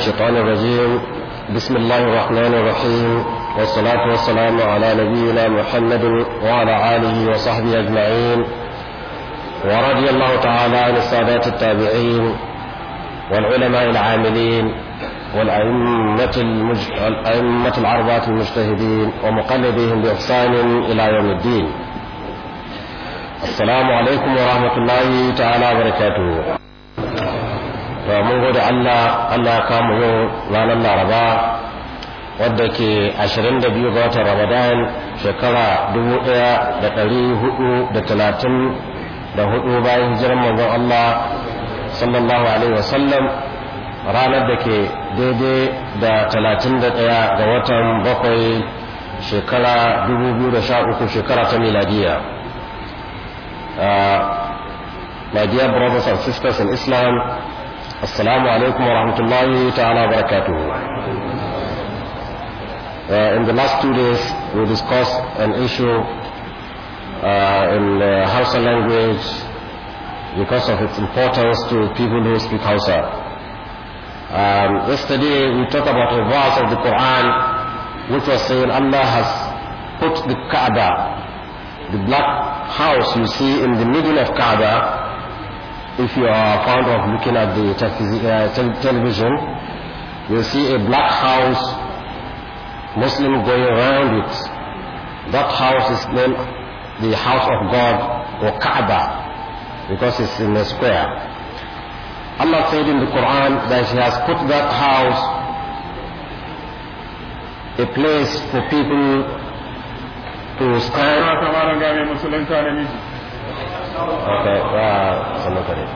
الشيطان الرجيم بسم الله الرحمن الرحيم والصلاة والسلام على نبينا محمد وعلى آله وصحبه أجمعين ورضي الله تعالى عن السادات التابعين والعلماء العاملين والأئمة المج... الأئمة العربات المجتهدين ومقلديهم بإحسان إلى يوم الدين السلام عليكم ورحمة الله تعالى وبركاته mun gode Allah Allah ya kama yau ranar Laraba wadda ke 22 ga watan Ramadan shekara 1434 bayan hijirar manzon Allah sallallahu alaihi wasallam ranar da ke daidai da 31 ga watan bakwai shekara 2013 shekara ta miladiya ah, my dear brothers and sisters in islam Assalamu alaikum wa rahmatullahi ta'ala wa Uh, in the last two days, we discussed an issue uh, in uh, Hausa language because of its importance to people who speak Hausa. Um, yesterday, we talked about a verse of the Quran which was saying Allah has put the Kaaba, the black house you see in the middle of Kaaba, if you are fond of looking at the te uh, television, you see a black house, Muslim going around it. That house is named the house of God or Kaaba because it's in the square. Allah said in the Quran that He has put that house a place for people to stand. sannan ka dai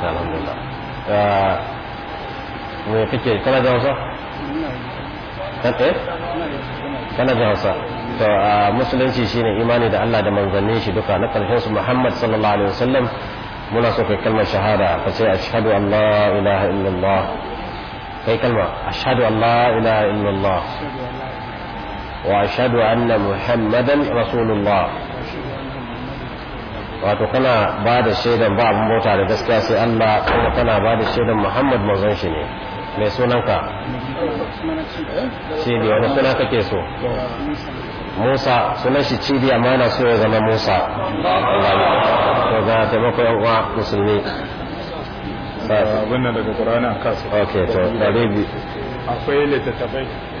alhamdulillah me kake kana da hausa kana da hausa to musulunci shine imani da Allah da manzannin shi duka na karshen su Muhammad sallallahu alaihi wasallam muna so kai kalmar shahada ka ce ashhadu an la ilaha illallah kai kalma ashhadu an la ilaha illallah wa ashhadu anna muhammadan rasulullah wato kana ba da shaidan ba abin bauta da gaskiya sai Allah kuma kana ba da shaidan Muhammad manzon shi ne mai sunanka cibi wani suna kake so Musa sunan shi cibi amma na so ya zama Musa to ga taimako yan uwa musulmi wannan daga Qur'ani a kasu okay to akwai littattafai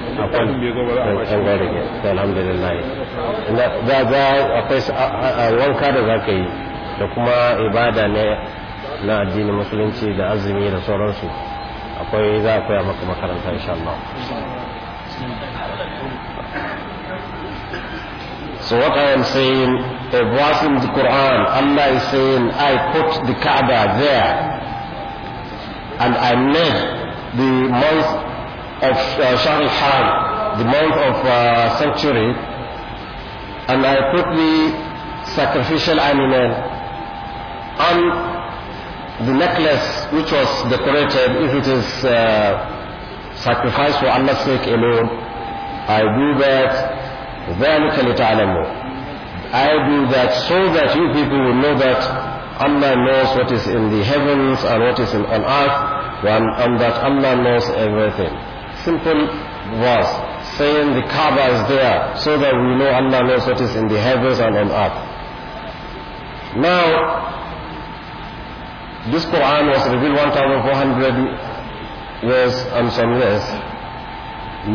da za akwai wanka da za ka yi da kuma ibada ne na addinin musulunci da azumi da sauransu akwai za a koya maka makaranta insha Allah So what I am saying, a verse in the Quran, Allah is saying, I put the Kaaba there and I made the most. of uh, Shahr the month of uh, sanctuary, and I put the sacrificial animal on the necklace which was decorated, if it is uh, sacrificed for Allah's sake alone, I do that. ذلك لتعلموا I do that so that you people will know that Allah knows what is in the heavens and what is in, on earth and, and that Allah knows everything simple verse saying the Kaaba is there so that we know Allah knows what is in the heavens and on earth. Now, this Quran was revealed 1400 years and some years.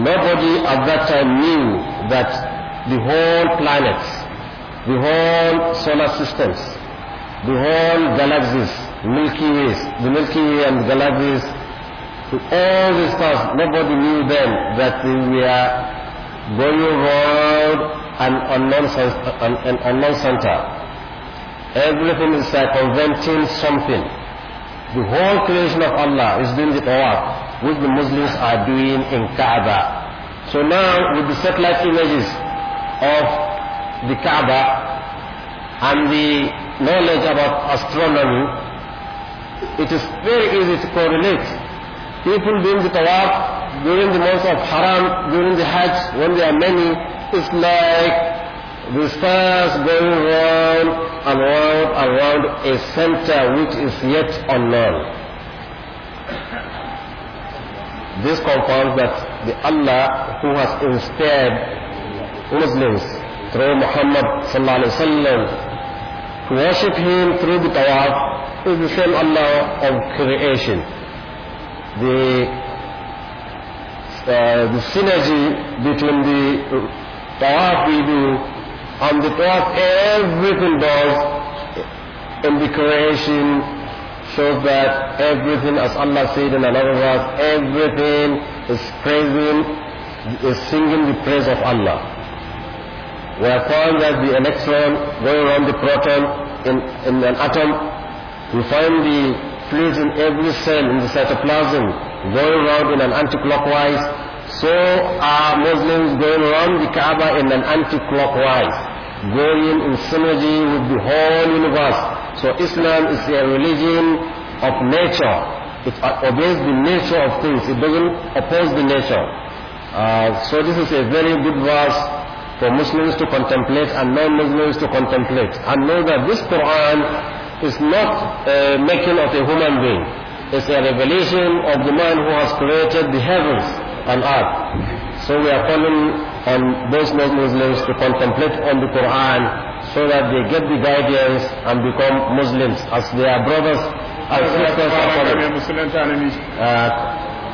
Nobody at that time knew that the whole planets, the whole solar systems, the whole galaxies, Milky Ways, the Milky Way and the galaxies to all the stars. Nobody knew then that we were going around an unknown, an, an unknown center. Everything is circumventing something. The whole creation of Allah is doing the work, which the Muslims are doing in Kaaba. So now, with the satellite images of the Kaaba and the knowledge about astronomy, it is very easy to correlate People doing the tawaf during the month of Haram, during the Hajj, when there are many, it's like the stars going round and round and round a center which is yet unknown. This confirms that the Allah who has instilled Muslims through Muhammad sallallahu alaihi wasallam to worship Him through the tawaf is the same Allah of creation the uh, the synergy between the tawaf we do. and the tawaf, everything does in the creation shows that everything, as Allah said in another verse, everything is praising, is singing the praise of Allah. We have found that the electron going around the proton in, in an atom, we find the fluids in every cell in the cytoplasm going round in an anti-clockwise. So are Muslims going round the Kaaba in an anti-clockwise, going in synergy with the whole universe. So Islam is a religion of nature. It obeys the nature of things. It doesn't oppose the nature. Uh, so this is a very good verse for Muslims to contemplate and non-Muslims to contemplate. And know that this Quran is not a uh, making of a human being. It's a revelation of the man who has created the heavens and earth. So we are calling on those non-Muslims to contemplate on the Quran so that they get the guidance and become Muslims as their brothers and sisters are following.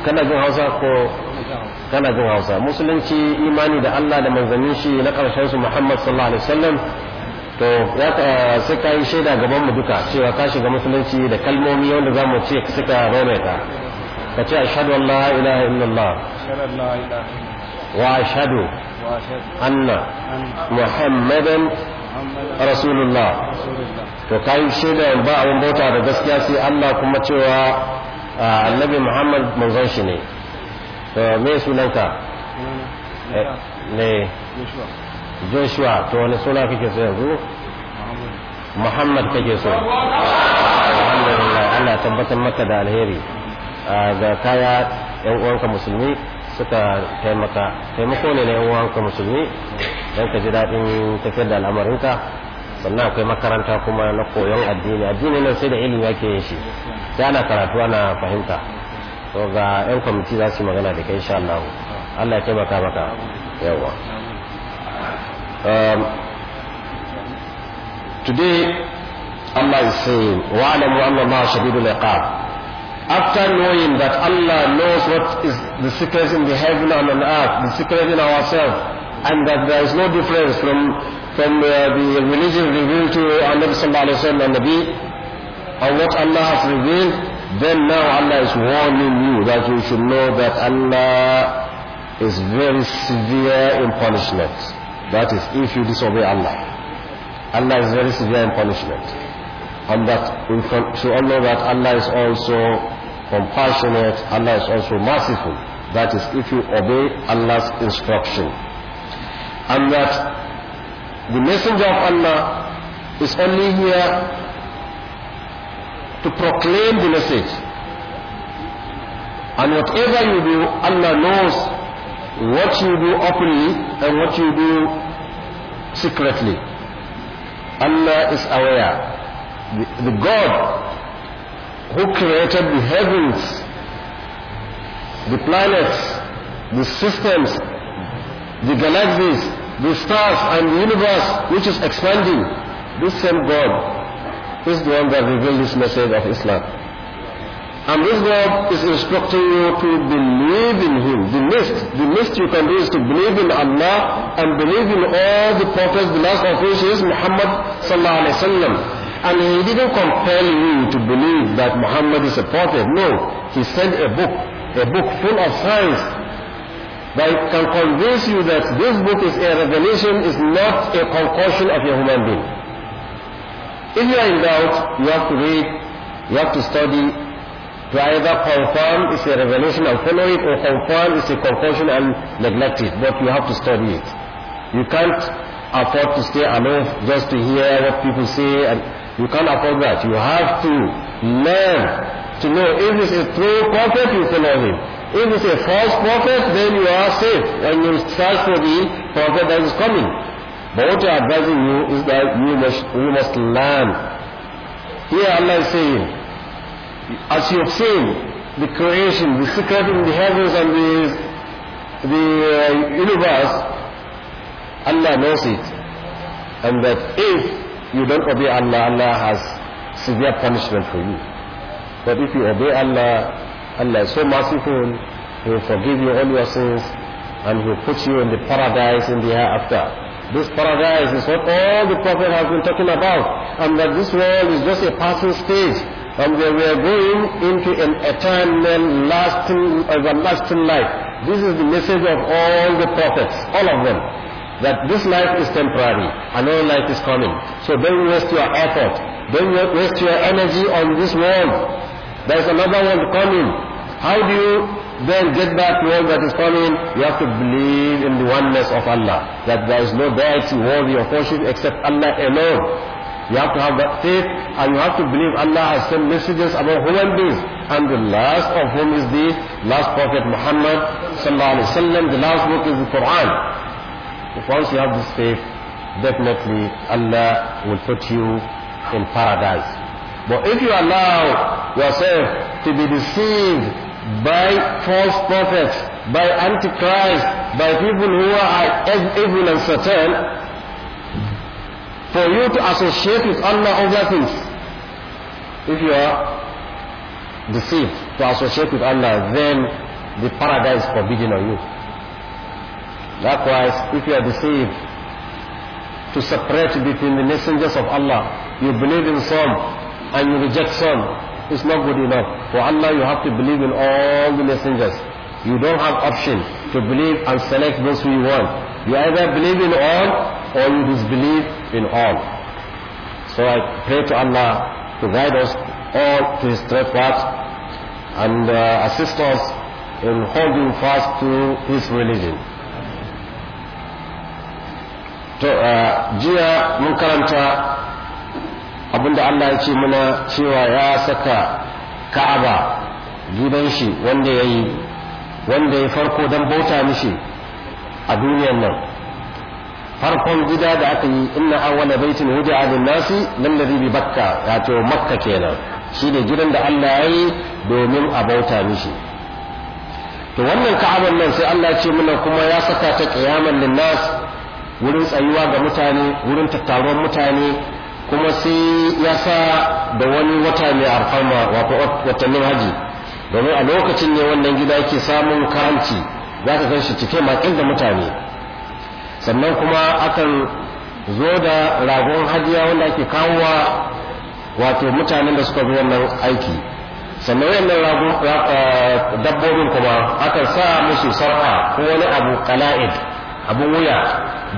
Kana uh, Hausa for kana jin Hausa. Musulunci imani da Allah da manzannin shi na ƙarshen su Muhammad sallallahu alaihi wasallam to eh, sai ka yi shaida gaban mu duka cewa ka shiga musulunci da kalmomi wanda za mu ce suka maimaita ka ce ashhadu an la ilaha illallah wa ashhadu anna muhammadan rasulullah to ka yi shaida ba abin bauta da gaskiya sai Allah kuma cewa eh, annabi muhammad manzon shi ne to me sunanka ne joshua to wani suna kake so yanzu muhammad kake so allah tabbatar maka da alheri ga kaya yan uwanka musulmi suka taimaka taimako ne na yan uwanka musulmi don ka ji daɗin tafiyar da al'amarinka sannan akwai makaranta kuma na koyon addini addini nan sai da ilimi ake yin shi sai ana karatu ana fahimta to ga yan kwamiti za su magana da kai insha Allah Allah ya taimaka maka yawa Um, today, Allah is saying, وَعَلَمُوا أَنَّ اللَّهَ شَدِيدُ الْعِقَابِ After knowing that Allah knows what is the secrets in the heaven and on earth, the secret in ourselves, and that there is no difference from from uh, the religion revealed to our Nabi Sallallahu Alaihi Wasallam and Nabi or what Allah has revealed, then now Allah is warning you that you should know that Allah is very severe in punishment. That is, if you disobey Allah. Allah is very severe in punishment. And that we should all know that Allah is also compassionate, Allah is also merciful. That is, if you obey Allah's instruction. And that the messenger of Allah is only here to proclaim the message. And whatever you do, Allah knows what you do openly and what you do secretly. Allah is aware. The, the God who created the heavens, the planets, the systems, the galaxies, the stars and the universe which is expanding, this same God is the one that revealed this message of Islam. And this God is instructing you to believe in Him. The least, the least you can do is to believe in Allah and believe in all the prophets, the last of which is Muhammad sallallahu alaihi wasallam. And he didn't compel you to believe that Muhammad is a prophet. No, he sent a book, a book full of signs that can convince you that this book is a revelation, is not a concoction of a human being. If you are in doubt, you have to read, you have to study, to either confirm is a revelation and follow it or confirm is a confusion and neglect it. But you have to study it. You can't afford to stay alone just to hear what people say and you can't afford that. You have to learn to know if it's a true prophet, you follow him. If it's a false prophet, then you are safe and you search for the prophet that is coming. But what I'm advising you is that you must, you must learn. Here Allah is saying, As you have seen, the creation, the secret in the heavens and the, the uh, universe, Allah knows it. And that if you don't obey Allah, Allah has severe punishment for you. But if you obey Allah, Allah is so merciful, He will forgive you all your sins and He will put you in the paradise in the hereafter. This paradise is what all the Prophet has been talking about, and that this world is just a passing stage. and they were going into an eternal, lasting, everlasting life. This is the message of all the prophets, all of them, that this life is temporary, another life is coming. So don't waste your effort, don't waste your energy on this world. There is another world coming. How do you then get that world that is coming? You have to believe in the oneness of Allah, that there is no deity worthy of worship except Allah alone. You have to have that faith and you have to believe Allah has sent messages about human beings. And the last of whom is the last Prophet Muhammad sallallahu alaihi sallam The last book is the Quran. If once you have this faith, definitely Allah will put you in paradise. But if you allow yourself to be deceived by false prophets, by antichrist, by people who are evil and certain, for you to associate with Allah other things. If you are deceived to associate with Allah, then the paradise is forbidden on you. Likewise, if you are deceived to separate between the messengers of Allah, you believe in some and you reject some, it's not good enough. For Allah, you have to believe in all the messengers. You don't have option to believe and select those who you want. You either believe in all or you disbelieve in all. So I pray to Allah to guide us all to His straight path and uh, assist us in holding fast to His religion. To, uh, jiya mun karanta abinda Allah ya ce muna cewa ya saka Ka'aba gidan shi wanda ya yi wanda ya farko don bauta mishi a duniyar nan farkon gida da aka yi inna awwala baitin wudi'a lin-nasi da bi bakka wato makka kenan shine gidan da Allah ya domin a bauta mishi to wannan ka'abar nan sai Allah ya ce mana kuma ya saka ta qiyaman lin-nas wurin tsayuwa ga mutane wurin tattaruwar mutane kuma sai ya sa da wani wata mai alfarma wato watannin haji domin a lokacin ne wannan gida yake samun karanci za ka shi cike makin da mutane sannan kuma akan zo da ragon hajiya wanda ake wa wato mutanen da suka zo wannan aiki sannan wayannan eh, dabbobin kuma akan sa musu sarfa ko wani abu kala'id abu wuya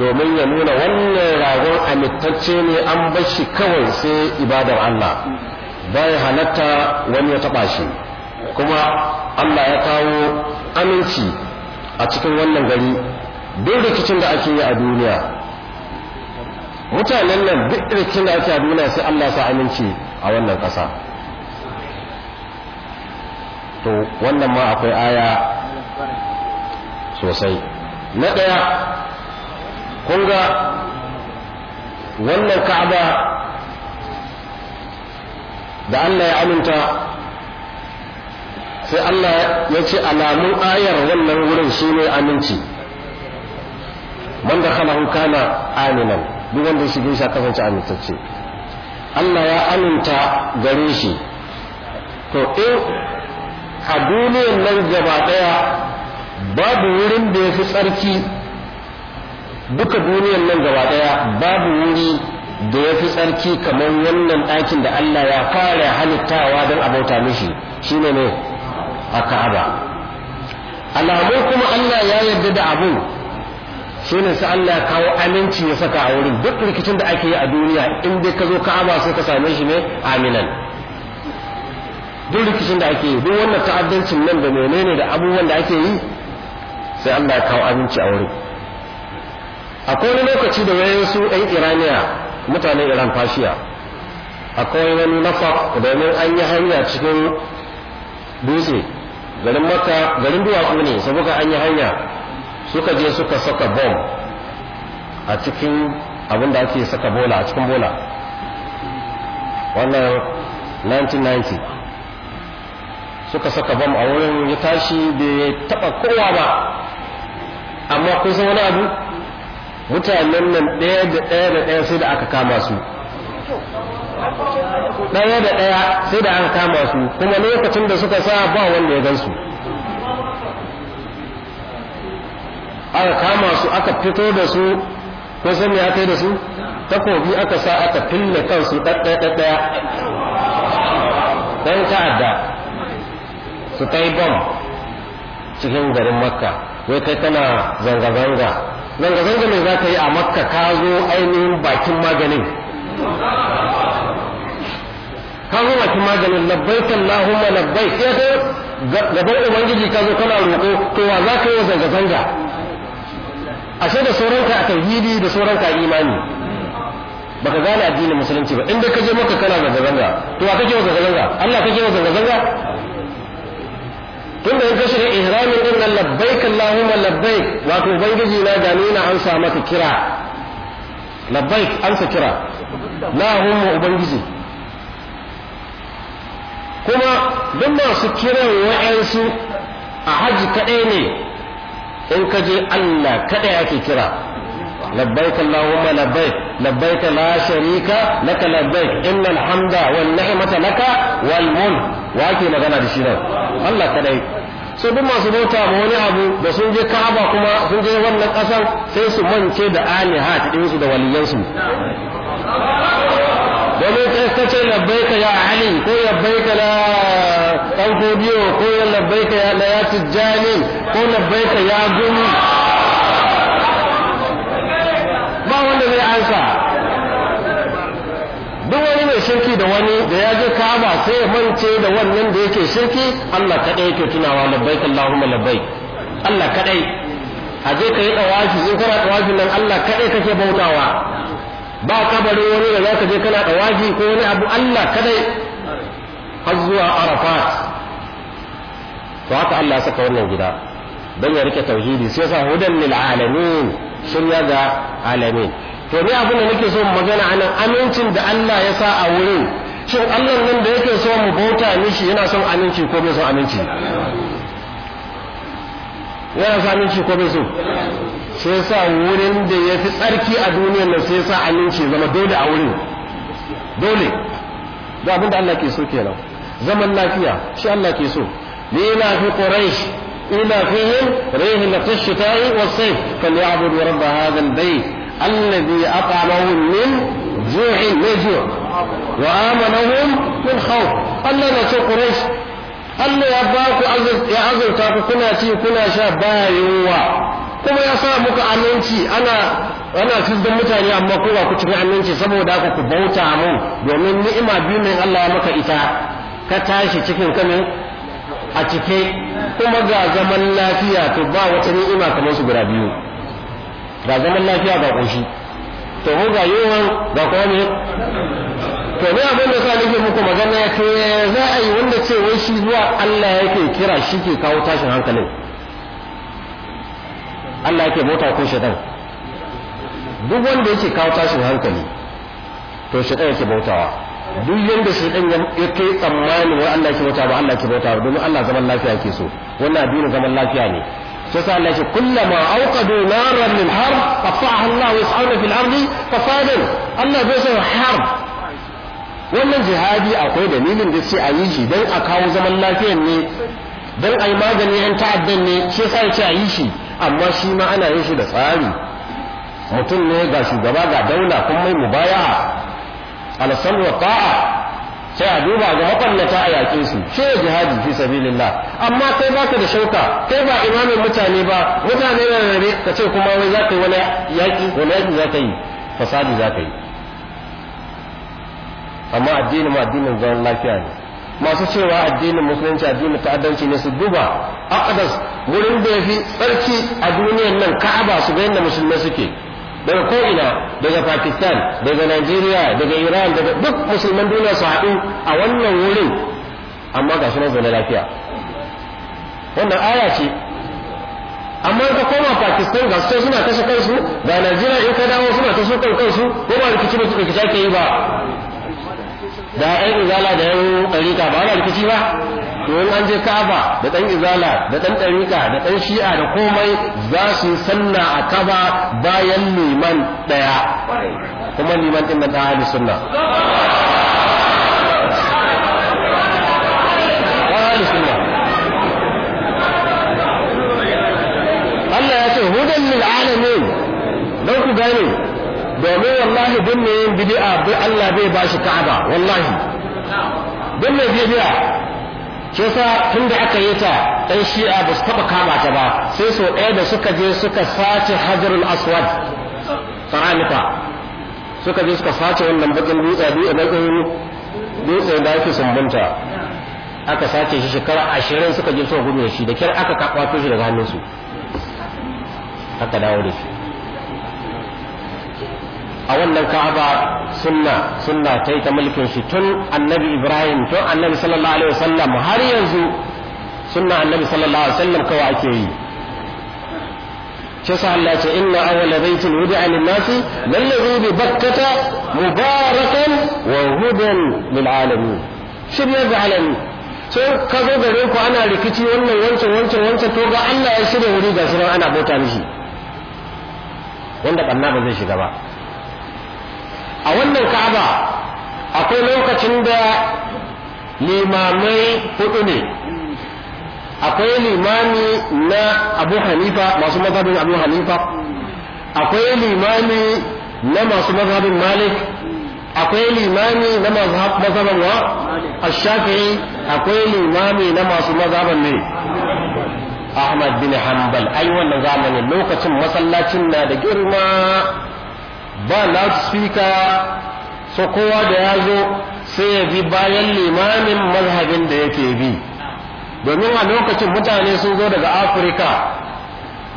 domin ya nuna wannan ragon amintacce ne an bar shi kawai sai ibadar Allah bai halatta wani ya taɓa shi kuma Allah ya kawo aminci a cikin wannan gari duk rikicin da ake yi a duniya mutanen nan duk rikicin da ake a duniya sai Allah sa aminci a wannan ƙasa to wannan ma akwai aya sosai na ɗaya kun ga wannan ka'aba da Allah ya aminta sai Allah ya ce alamun ayar wannan wurin shi ne aminci wanda kana khalahu kana aminan duk wanda shi bisa kasance amintacce Allah ya aminta gare shi to in a duniyar nan gaba daya babu wurin da ya fi tsarki duka duniyar nan gaba daya babu wuri da ya fi tsarki kamar wannan ɗakin da Allah ya fara halittawa don abauta mishi shine ne a ka'aba alamun kuma Allah ya yarda da abu shi ne sai Allah ya kawo aminci ya saka a wurin duk rikicin da ake yi a duniya in dai ka zo ka'aba sai ka same shi ne aminan duk rikicin da ake yi duk wannan ta'addancin nan da menene da abubuwan da ake yi sai Allah ya kawo aminci a wurin akwai wani lokaci da wayansu ɗan iraniya mutanen iran fashiya akwai wani nafa domin an yi hanya cikin dutse garin makka garin duwatsu ne saboda an yi hanya suka je suka saka bom a cikin abin da ake saka bola a cikin bola wannan 1990 suka saka bom a wurin ya tashi da ya taba kowa ba amma kun san wani abu mutanen nan ɗaya da ɗaya da ɗaya sai da aka kama su ɗaya da ɗaya sai da an kama su kuma lokacin da suka sa ba wanda ya gansu aka kama su aka fito da su ko sun ya kai da su takobi aka sa aka fille kansu ɗaɗɗaya ɗan ta'adda su ta yi bom cikin garin makka wai kai tana zanga-zanga zanga-zanga mai za ka yi a makka ka zo ainihin bakin maganin ka zo bakin maganin labbaik Allahumma labbaik ya ga gaban ubangiji ka zo kana roƙo to wa za ka yi zanga zanga ashe da sauranka a tauhidi da sauranka a imani baka gane addinin musulunci ba inda ka je maka kana zanga zanga to wa kake zanga zanga Allah kake zanga zanga tunda in ka shiga ihramin din nan labbaik Allahumma labbaik wato ubangiji na da nuna an sa maka kira labbaik an sa kira Allahumma ubangiji kuma duk masu kiran wa'yansu a hajji kaɗai ne in ka je Allah kaɗai ake kira labbaik Allahumma labbaik labbaik la sharika laka labbaik innal hamda wan ni'mata laka wal mulk wa ake magana da shi nan Allah kaɗai so duk masu bauta ma wani abu da sun je Ka'aba kuma sun je wannan ƙasar sai su mance da alihat ɗinsu da waliyansu domin ta ta ce ka ya ali ko labbaika la dan godiyo ko labbaika ya la ya tijjani ko ka ya gumi ba wanda zai ansa duk wani mai shirki da wani da ya je kaba sai ya mance da wannan da yake shirki Allah kadai yake tunawa labbaik Allahumma labbaik Allah kadai a je ka yi dawafi in kana dawafin nan Allah kadai kake bautawa ba kabarin wani da za ka je kana ɗawaji ko wani abu Allah kadai har zuwa arafat to haka Allah saka wannan gida don ya rike tauhidi sai sa hudan lil alamin shirya ga alamin to ni abin da nake so mu magana anan amincin da Allah ya sa a wurin shin Allah nan da yake so mu bauta mishi yana son aminci ko bai son aminci yana son aminci ko bai so sesa wurin da ya fi tsarki a duniyar nan sai yasa aminci zama dole a wurin dole da abin da Allah ke so kenan zaman lafiya shi Allah ke so lina fi quraish ila fihim rihla na tashita'i wa sayf kan ya'budu rabb hadha al-bayt alladhi aqamahu min ju'in ju' wa amanahum min khawf Allah la ce quraish Allah ya ba ku ya azurta ku kuna ci kuna sha ba yunwa kuma ya sa muku aminci ana ana fizdan mutane amma ko ku cikin aminci saboda ku bauta mu domin ni'ima biyu ne Allah ya maka ita ka tashi cikin kamin a cike kuma ga zaman lafiya to ba wata ni'ima kamar su guda biyu ga zaman lafiya ga kunshi to mu ga yawan ga kuma to ne abin da sa nake muku magana ya ce za a yi wanda ce wai shi zuwa Allah yake kira shi ke kawo tashin hankalin Allah yake bauta ko shaitan duk wanda yake kawo tashin hankali to shaitan yake bautawa duk yanda shaitan ya kai tsammanin wai Allah yake bauta ba Allah yake bauta domin Allah zaman lafiya yake so wannan addinin zaman lafiya ne sai sa Allah yake kullama awqadu naran lil harb qata'aha Allah wa yas'aluna fil ardi fasadan Allah bai so harb wannan jihadi akwai dalilin da sai a yi shi dan a kawo zaman lafiyar ne don a yi magani yan ta'addan ne shi sa ya ce a yi shi amma shi ma ana yin shi da tsari mutum ne ga shugaba ga daula kuma mai baya alsal wa ta'a sai a duba ga makwallata a yaƙe su shi ne jihadi fi sabilillah amma kai ba ka da shauka kai ba imamin mutane ba mutane na rabe ka ce kuma wai za ka yi wani yaƙi za ka yi fasadi za ka yi amma addinin addinin zaman lafiya ne masu cewa addinin musulunci addinin ta'addanci ne su duba aqdas wurin da yafi tsarki a duniyar nan ka'aba su ga yadda musulmai suke daga ko'ina daga pakistan daga nigeria daga iran daga duk musulman duniya su haɗu a wannan wurin amma ga shi na lafiya wannan aya ce amma ka koma pakistan ga su suna kashe kansu ga najeriya in ka dawo suna ta sukan kansu ko ba rikici ba rikici ake yi ba da ɗan izala da yan ɗarika ba wani rikici ba to in an je kaba da ɗan izala da ɗan ɗarika da ɗan shi'a da komai za su sanna a kaba bayan liman ɗaya kuma liman ɗin da ta sunna sunna Allah ya ce hudan lil alamin don ku gane domin wallahi duk mai yin bidi'a duk Allah bai ba shi ka'aba wallahi duk mai bidi'a ke sa tun da aka yi ta ɗan shi'a ba su taɓa kama ta ba sai sau ɗaya da suka je suka sace hajarul aswad tsaramita suka je suka sace wannan bakin dutse da a dutse da ake sumbunta aka sace shi shekara ashirin suka je suka gudu da shi da kyar aka kakwato shi daga hannunsu aka dawo da shi a wannan ka'aba sunna sunna ta yi ta mulkin shi tun annabi ibrahim tun annabi sallallahu alaihi wasallam har yanzu sunna annabi sallallahu alaihi wasallam kawai ake yi shi sa Allah ce inna awwala baitin wudi'a lin-nasi lallazi bi bakkata mubarakan wa hudan lil alamin shirya ga alamin so ka zo gare ku ana rikici wannan wancan wancan wancan to ga Allah ya shirya wuri ga sunan ana bauta mishi wanda kanna ba zai shiga ba a wannan ka'aba akwai lokacin da limamai hudu ne akwai limami na abu hanifa masu mazhabin abu hanifa akwai limami na masu mazhabin malik akwai limami na masu mazhaban wa ashafi'i akwai limami na masu mazhaban ne ahmad bin hanbal ai wannan zamanin lokacin masallacin na da girma ba loudspeaker so kowa da ya zo sai ya bi bayan limamin mazhabin da yake bi domin a lokacin mutane sun zo daga afirka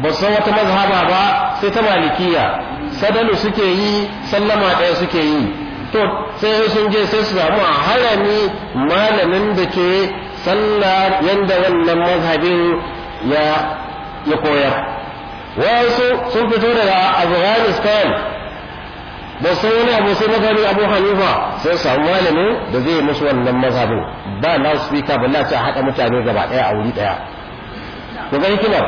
ba san wata mazhaba ba sai ta malikiya sadalu suke yi sallama ɗaya suke yi to sai sun je sai su samu a harami malamin da ke salla yadda wannan mazhabin ya koyar wasu sun fito daga afghanistan ba sai wani abu sai mazhabin abu hanifa sai samu malami da zai musu wannan mazhabin ba loudspeaker ba na a haɗa mutane gaba ɗaya a wuri ɗaya ku gani kina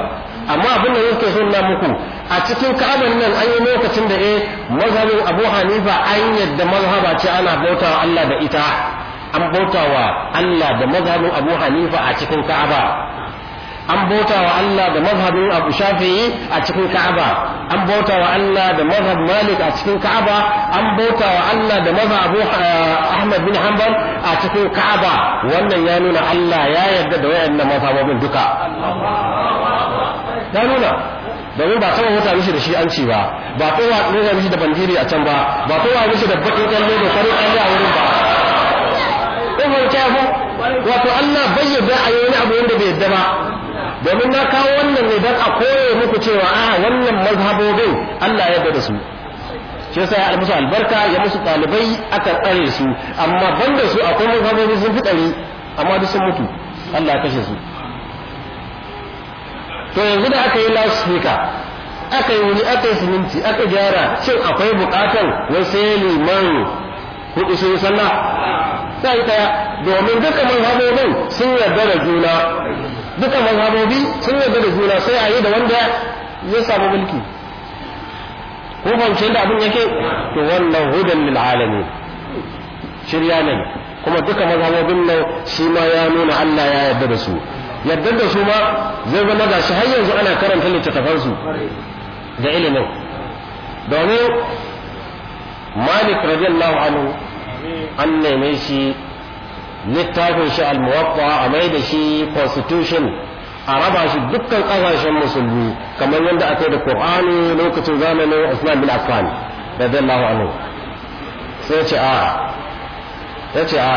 amma abin da yake son na muku a cikin ka'abar nan an yi lokacin da eh mazhabin abu hanifa an yadda mazhaba ce ana bauta Allah da ita an bauta wa Allah da mazhabin abu hanifa a cikin ka'aba an bauta wa Allah da mazhabin Abu Shafi'i a cikin Ka'aba an bauta wa Allah da mazhab Malik a cikin Ka'aba an bauta wa Allah da mazhab eh, Ahmad bin Hanbal a cikin Ka'aba wannan ya nuna Allah ya yarda da wayannan mazhabobin duka ya nuna domin ba sama mutane mishi da shi an ci ba ba kowa nuna mishi da bandiri a can ba ba kowa mishi da bakin kallo da farin kyalle a wurin ba in wani kyafu wato Allah bayyana ayoyin yi abu wanda bai yadda ba domin na kawo wannan ne don a koye muku cewa a ah, wannan mazhabobin Allah ya da su shi yasa ya musu albarka ya musu ɗalibai aka tsare su amma banda su akwai mazhabobi sun fi ɗari amma duk sun mutu Allah ya kashe su to yanzu da aka yi loudspeaker aka yi wuri aka yi siminti aka gyara shin akwai bukatar wasu liman kuɗi sun sallah sai ta domin duka mazhabobin sun yarda da juna duka mazhabobi sun yarda da juna sai a yi da wanda zai samu mulki ko fahimci da abin yake to wannan hudan lil alamin shirya ne kuma duka mazhabobin nan shi ma ya nuna Allah ya yarda da su yarda da su ma zai zama ga shi har yanzu ana karanta littattafan su da ilimin domin malik radiyallahu anhu an neme shi littafin shi al-muwatta a mai da shi constitution a raba shi dukkan kasashen musulmi kamar yadda aka yi da qur'ani lokacin zamanin usman bin affan radiyallahu anhu sai ce a ya ce a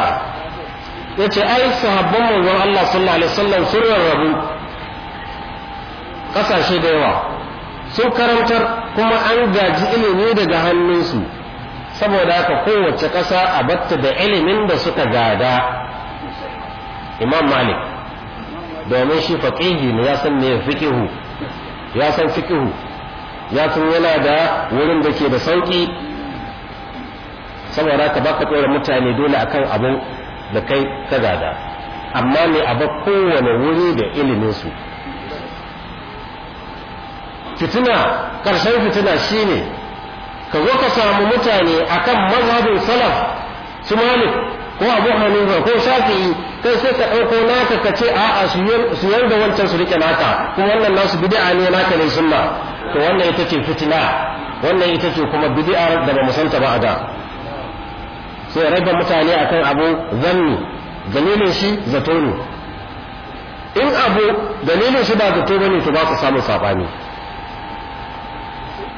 ya ce ai sahabban manzon Allah sallallahu alaihi wasallam sun rarrabu kasashe da yawa sun karantar kuma an gaji ilimi daga hannunsu saboda haka kowace ƙasa a batta da ilimin da suka gada imam malik domin shi faƙihi ne ya san me fikihu ya san fikihu ya san yana da wurin da ke da sauƙi saboda haka baka ɗora mutane dole akan abin da kai ka gada amma ne a ba kowane wuri da iliminsu fitina ƙarshen fitina shine ka zo ka samu mutane akan mazhabin salaf su malik ko abu hanifa ko yi kai sai ka ɗauko naka ka ce a'a su yarda wancan su rike naka kuma wannan nasu bid'a ne naka ne sunna to wannan ita ce fitina wannan ita ce kuma bid'a da ba musanta ba a da sai raba mutane akan abu zanni dalilin shi zato ne in abu dalilin shi ba zato bane to ba ku samu sabani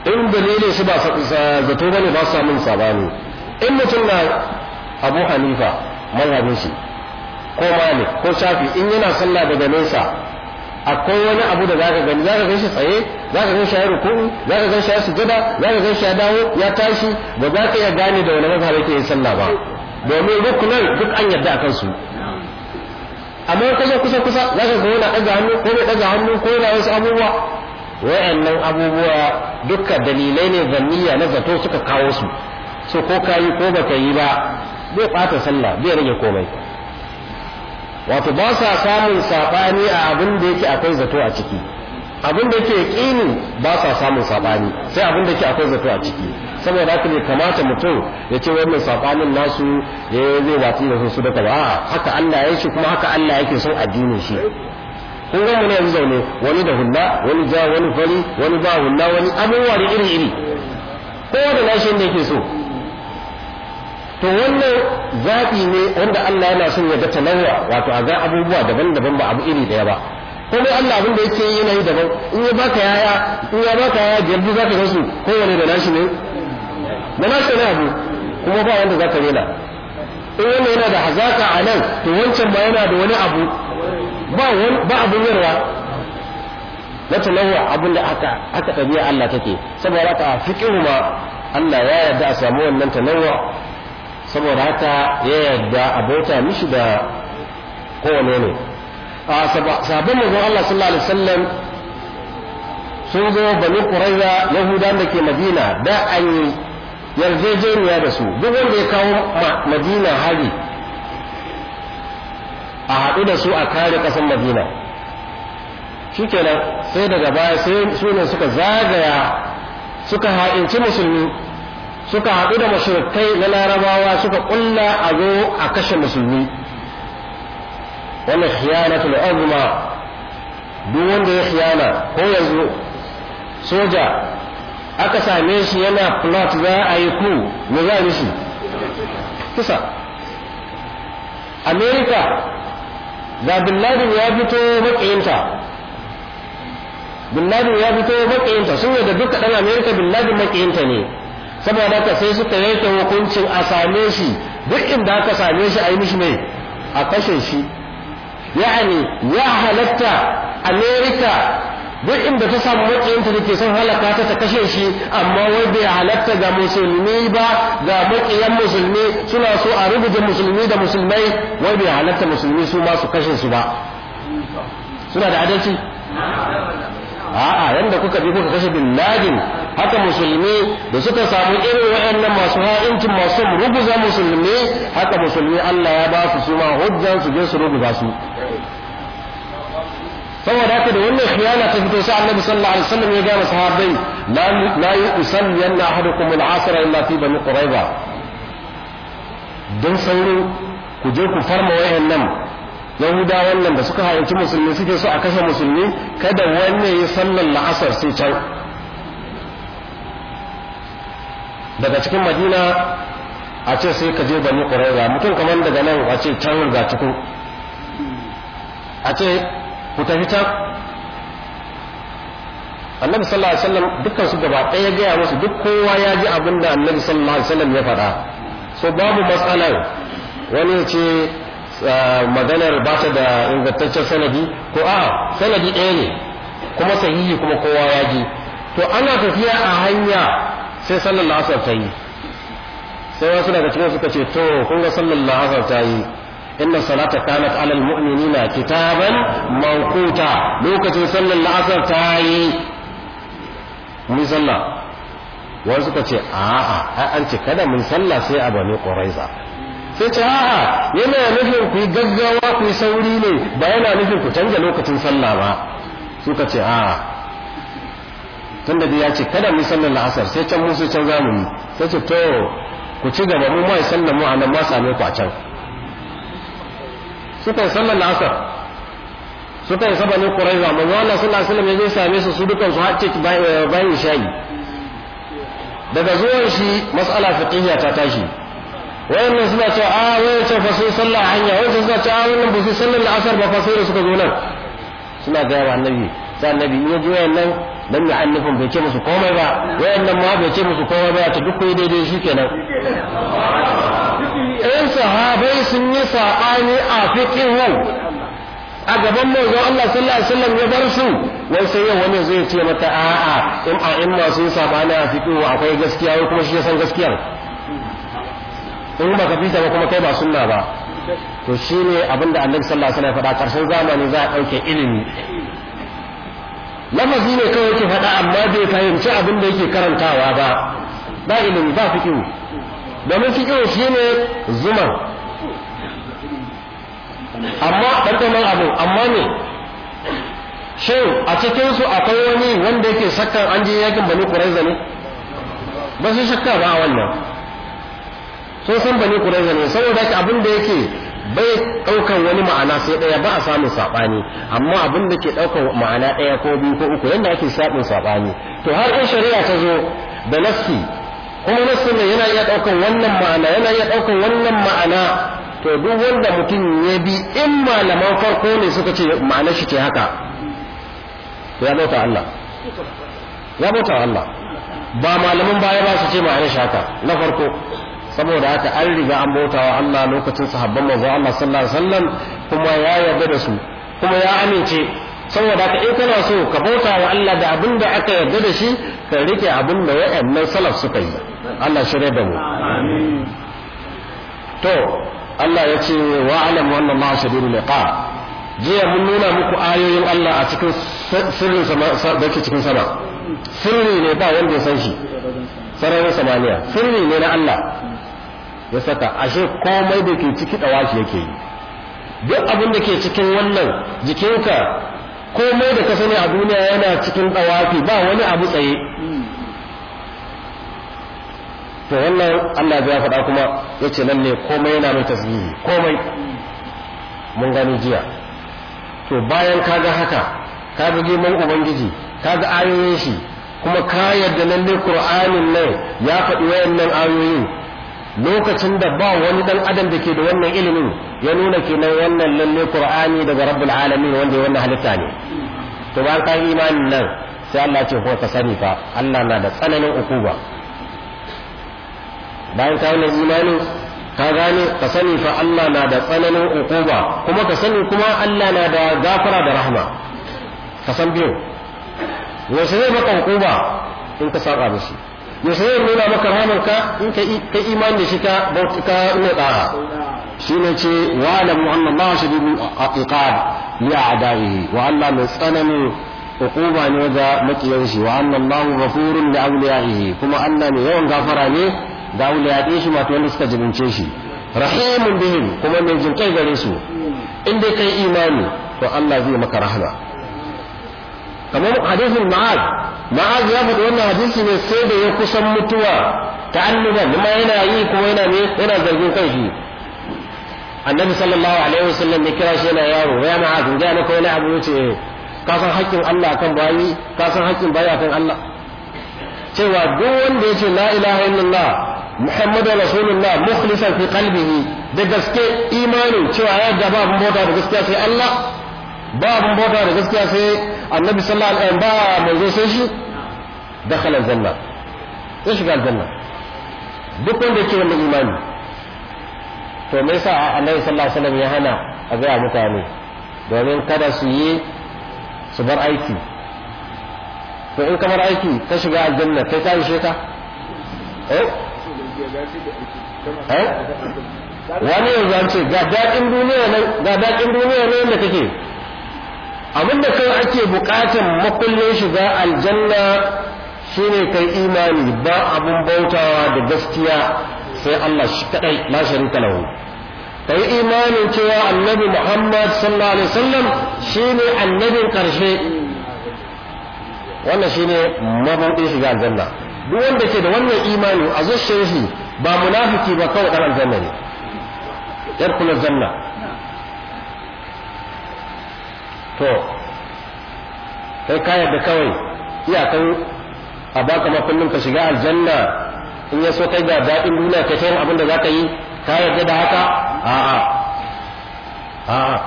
in dalilin su ba zato bane ba su min sabani in mutum na abu hanifa mazhabin shi ko malik ko shafi in yana sallah daga nesa akwai wani abu da zaka gani zaka gan shi tsaye zaka gan shi ya ruku'u zaka gan shi ya sujada zaka gan shi ya dawo ya tashi ba za ka iya gane da wani mazhab yake yin sallah ba domin rukunan duk an yarda a kansu amma ka zo kusa kusa zaka ga wani ɗaga hannu ko bai ɗaga hannu ko yana wasu abubuwa wayannan abubuwa dukkan dalilai ne zanniya na zato suka kawo su so ko ka yi ko baka yi ba zai ɓata sallah bai rage komai wato ba sa samun saɓani a abin da yake akwai zato a ciki abin da yake kini ba sa samun saɓani sai abin da yake akwai zato a ciki saboda haka ne kamata mutum ya ce wannan sabanin nasu ya eh, zai watsi da su daga ba haka Allah ya shi kuma haka Allah yake son addinin shi kun ga mu yanzu zaune wani da hulla wani ja wani fari wani ba hulla wani abubuwa da iri iri ko da nashin da yake so to wannan zaɓi ne wanda Allah yana son ya ga talawa wato a ga abubuwa daban-daban ba abu iri daya ba kuma Allah abin da yake yi yana yi daban in ya baka yaya in ya baka yaya jirgi za ka gasu kowane da nashi ne da nashi ne abu kuma ba wanda za ka rena in wannan yana da hazaka a nan to wancan ma yana da wani abu ba abun yarwa na tunanwa abin da aka aka ɗabi'a Allah take saboda haka fiƙihu ma Allah ya yarda a samu wannan tunanwa saboda haka ya yarda a bauta mishi da kowane ne a sabon mazan Allah sallallahu alaihi wasallam sun zo bani Quraiza Yahudan da ke Madina da an yi yarjejeniya da su duk wanda ya kawo madina hari a haɗu da su a kare ƙasar madina shikenan sai daga baya sai su ne suka zagaya suka ha'inci musulmi suka haɗu da mashirkai na larabawa suka ƙulla a zo a kashe musulmi wannan khiyanatul azma duk wanda ya hiyana ko yanzu soja aka same shi yana plot za a yi ku me za shi. kisa america da bin laden ya fito makiyinta bin laden ya fito makiyinta sun yadda duka dan Amerika bin laden makiyinta ne saboda ka sai suka yanke hukuncin a same shi duk inda aka same shi a yi mishi ne a kashe shi ya'ani ya halatta america duk inda ta samu matsayinta da ke son halaka ta ta kashe shi amma wai bai halatta ga musulmi ba ga maƙiyan musulmi suna so a rubuta musulmi da musulmai wai bai halatta musulmi su ma su kashe su ba suna da adalci a'a yanda kuka bi kuka kashe bin ladin haka musulmi da suka samu irin waɗannan masu ha'incin masu ruguza musulmi haka musulmi Allah ya ba su su ma hujjan su je su ruguza su saboda haka da wannan khiyana ta fito sai annabi sallallahu alaihi wasallam ya ga sahabbai la la yusalli anna ahadukum al-asr illa fi bani quraiza dan sauro ku je ku farma wayannan yahuda wannan da suka halarci musulmi suke so a kashe musulmi kada wannan ya sallan la'asar sai can daga cikin madina a ce sai ka je bani quraiza mutum kamar daga nan a ce can ga cikin a ce ku tafi can annabi sallallahu alaihi wasallam dukkan su gaba ɗaya gaya musu duk kowa ya ji abin da annabi sallallahu alaihi wasallam ya faɗa so babu matsalar wani ce ah, maganar ba ta da ingantaccen sanadi ko a sanadi ɗaya ne kuma sahihi kuma kowa ya ji to ana tafiya a hanya sai sallallahu alaihi wasallam ta yi sai wasu daga cikin suka ce to kun ga sallallahu alaihi wasallam ta yi inna salata kanat alal mu'minina kitaban mawquta lokacin sallar la'asar ta yi mun sallah wani suka ce a'a ai an ce kada mun sallah sai a bani quraiza sai ce a'a yana nufin ku gaggawa ku sauri ne ba yana nufin ku canza lokacin sallah ba suka ce a'a tunda da ya ce kada mun sallar la'asar sai can musu can zamu yi sai ce to ku ci gaba mu mai sallar mu a nan ma same ku a can suka yi sallar la'asar suka yi sabanin ƙuraiza manzo Allah sallallahu alaihi wasallam ya zo same su su dukan su har ciki eh, bayan isha'i daga zuwan shi mas'ala fiqhiyya ta tashi wayannan suna cewa a ah, wayancan fa sun a hanya wayancan suna cewa a ah, wannan ba su sallar la'asar ba fa sai da suka zo nan suna gaya wa annabi sai annabi biyu ya ji wayannan dan ya annabin bai ce musu komai ba wayannan ma bai ce musu komai ba ta duk duk daidai kenan ɗayan sahabai sun yi saɓani a fikin fikihu a gaban manzon Allah sallallahu alaihi wasallam ya bar su wai sai yau wani zai ce mata a'a in a in masu yi saɓani a fikihu akwai gaskiya wai kuma shi ya san gaskiya. in ba ka fita ba kuma kai ba sunna ba to shine abinda annabi sallallahu alaihi wasallam ya faɗa ƙarshen zamani za a ɗauke ilimi lafazi ne kawai yake faɗa amma bai fahimci abin da yake karantawa ba ba ilimi ba fikin. domin fiƙiru shi ne zuman amma ɗanɗanon abin amma ne shin a cikinsu akwai wani wanda yake shakkan an je yakin bani ƙuraiza ne ba su shakka ba a wannan sun san bani ƙuraiza ne saboda haka abin da yake bai ɗaukar wani ma'ana sai ɗaya ba a samun saɓani amma abin da ke ɗaukan ma'ana ɗaya ko biyu ko uku yadda ake samun saɓani to har in shari'a ta zo da nassi kuma nasin yana iya ɗaukan wannan ma'ana yana iya ɗaukan wannan ma'ana to duk wanda mutum ya bi in malaman farko ne suka ce ma'ana shi ce haka ya bauta Allah ya bauta Allah ba malaman baya ba su ce ma'ana shi haka na farko saboda haka an riga an bauta wa Allah lokacin sahabban manzo Allah sallallahu alaihi wasallam kuma ya yarda da su kuma ya amince saboda ka in kana so ka bauta wa Allah da abin da aka yarda da shi ka rike abin da waɗannan salaf suka yi Allah shirya da mu to Allah ya ce wa alam wannan ma shadidul liqa jiya mun nuna muku ayoyin Allah a cikin sirrin sama da ke cikin sama sirri ne ba wanda ya san shi sararin samaniya sirri ne na Allah ya saka ashe komai da ke ciki dawashi yake yi duk abin da ke cikin wannan jikinka komai da ka sani a duniya yana cikin ɗawafi ba wani abu tsaye to wannan Allah ya faɗa kuma ce nan ne komai yana mai tasbihi komai mun gani jiya to bayan kaga haka kaga girman ubangiji ga ayoyin shi kuma ka yarda nan ne Qur'anin nan ya faɗi wayannan ayoyin lokacin da ba wani dan adam da ke da wannan ilimin ya nuna kenan wannan lalle qur'ani daga rabbul alamin wanda wannan halitta ne to ba ka imanin nan sai Allah ce ko ka sani fa Allah na da tsananin ukuba bayan ka wannan imanin ka gane ka sani fa Allah na da tsananin ukuba kuma ka sani kuma Allah na da gafara da rahma ka san biyu wasu zai baka ukuba in ka saba da shi ya sai nuna maka ramarka in ka imani da shi ka bautuka ina ne shi ne ce wa alamu anna Allah shadidul iqab li a'da'ihi wa Allah mai tsananin hukuma ne ga makiyan shi wa anna abu ghafurun li awliya'ihi kuma Allah ne yawan gafara ne ga awliya'i shi wato wanda suka jibince shi rahimun bihim kuma mai jinkai gare su in dai kai imani to Allah zai maka rahama kamar hadisin ma'az ma'az ya faɗi wannan hadisi ne sai da ya kusan mutuwa ta ta'annuban kuma yana yi kuma yana ne yana zargin kai shi annabi sallallahu alaihi wasallam ya kira shi yana yaro ya ma'az in na kai wani abu yace ka san haƙƙin Allah kan bayi ka san haƙƙin bayi akan Allah cewa duk wanda yace la ilaha illallah muhammadu rasulullah mukhlisan fi qalbihi da gaske imanin cewa ya gaba abin bauta da gaskiya sai Allah ba abin bauta da gaskiya sai annabi sallallahu alaihi ba manzo sai shi dakhala aljanna sai shiga aljanna duk wanda yake wannan imani to me yasa annabi sallallahu alaihi wasallam ya hana a ga mutane domin kada su yi su bar aiki to in kamar aiki ka shiga aljanna kai ka ishe ka eh, eh? wani yanzu an ce ga daɗin duniya ne ga daɗin duniya ne da kake Abin da kai ake bukatan makullin shiga aljanna shine kai imani ba abin bautawa da gaskiya sai Allah shi kadai la sharika lahu kai imanin cewa annabi Muhammad sallallahu alaihi wasallam shine annabin karshe wannan shine mabudin shiga aljanna duk wanda ke da wannan imani a zuciyar shi ba munafiki ba kawai dan aljanna ne yarkul aljanna to kai ka yadda kawai iyakan a baka makullin ka shiga aljanna in ya so kai ga daɗin duniya ka yin abin da za ka yi ka yarda da haka a'a a'a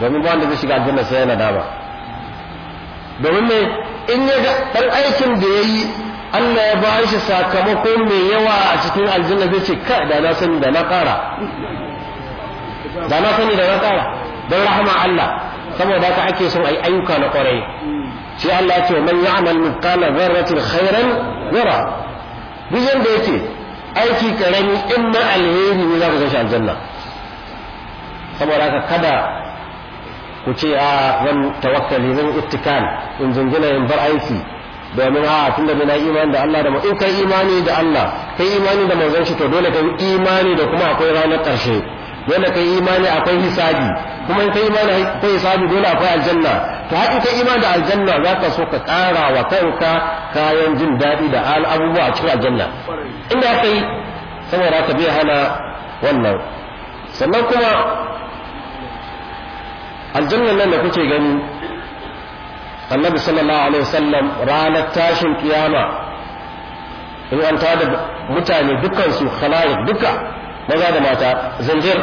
domin ba wanda zai shiga aljanna sai yana ba domin me in ya ga dan aikin da ya yi Allah ya ba shi sakamako mai yawa a cikin aljanna zai ce kai da na sani da na kara da na sani da na ƙara don rahama Allah saboda haka ake son ai ayyuka na kwarai sai Allah ya ce man ya'mal mithqala dharratin khairan yara duk da yake aiki karami in ma alheri ne za ku shi aljanna saboda haka kada ku ce a zan tawakkali zan ittikal in jingina in bar aiki domin a tun da na imani da Allah da in kai imani da Allah kai imani da manzon shi to dole kai imani da kuma akwai ranar ƙarshe dole kai imani akwai hisabi kuma in kai imani akwai hisabi dole akwai aljanna to har kai imani da aljanna za ka so ka ƙara wa kanka kayan jin daɗi da abubuwa a cikin aljanna inda aka yi saboda ka bai hana wannan sannan kuma aljanna nan da kuke gani annabi sallallahu alaihi wasallam ranar tashin kiyama in an tada mutane dukansu khala'iq duka maza da mata zanjir